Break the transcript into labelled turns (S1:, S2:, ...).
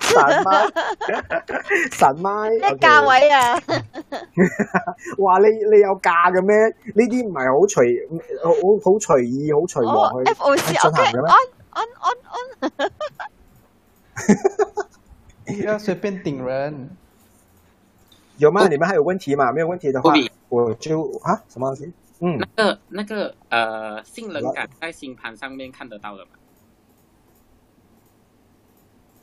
S1: 神媽，神媽，咩價位啊？哇，你你有價嘅咩？呢啲唔係好隨，好好隨意，好隨和去進行嘅咩？On
S2: on on on，
S1: 要隨便頂人？有嗎？你們還有問題嘛？沒有問題的話，我就啊，什麼東西？嗯，那個
S3: 那個，呃，性能感在星盤上面看得到嘅嘛？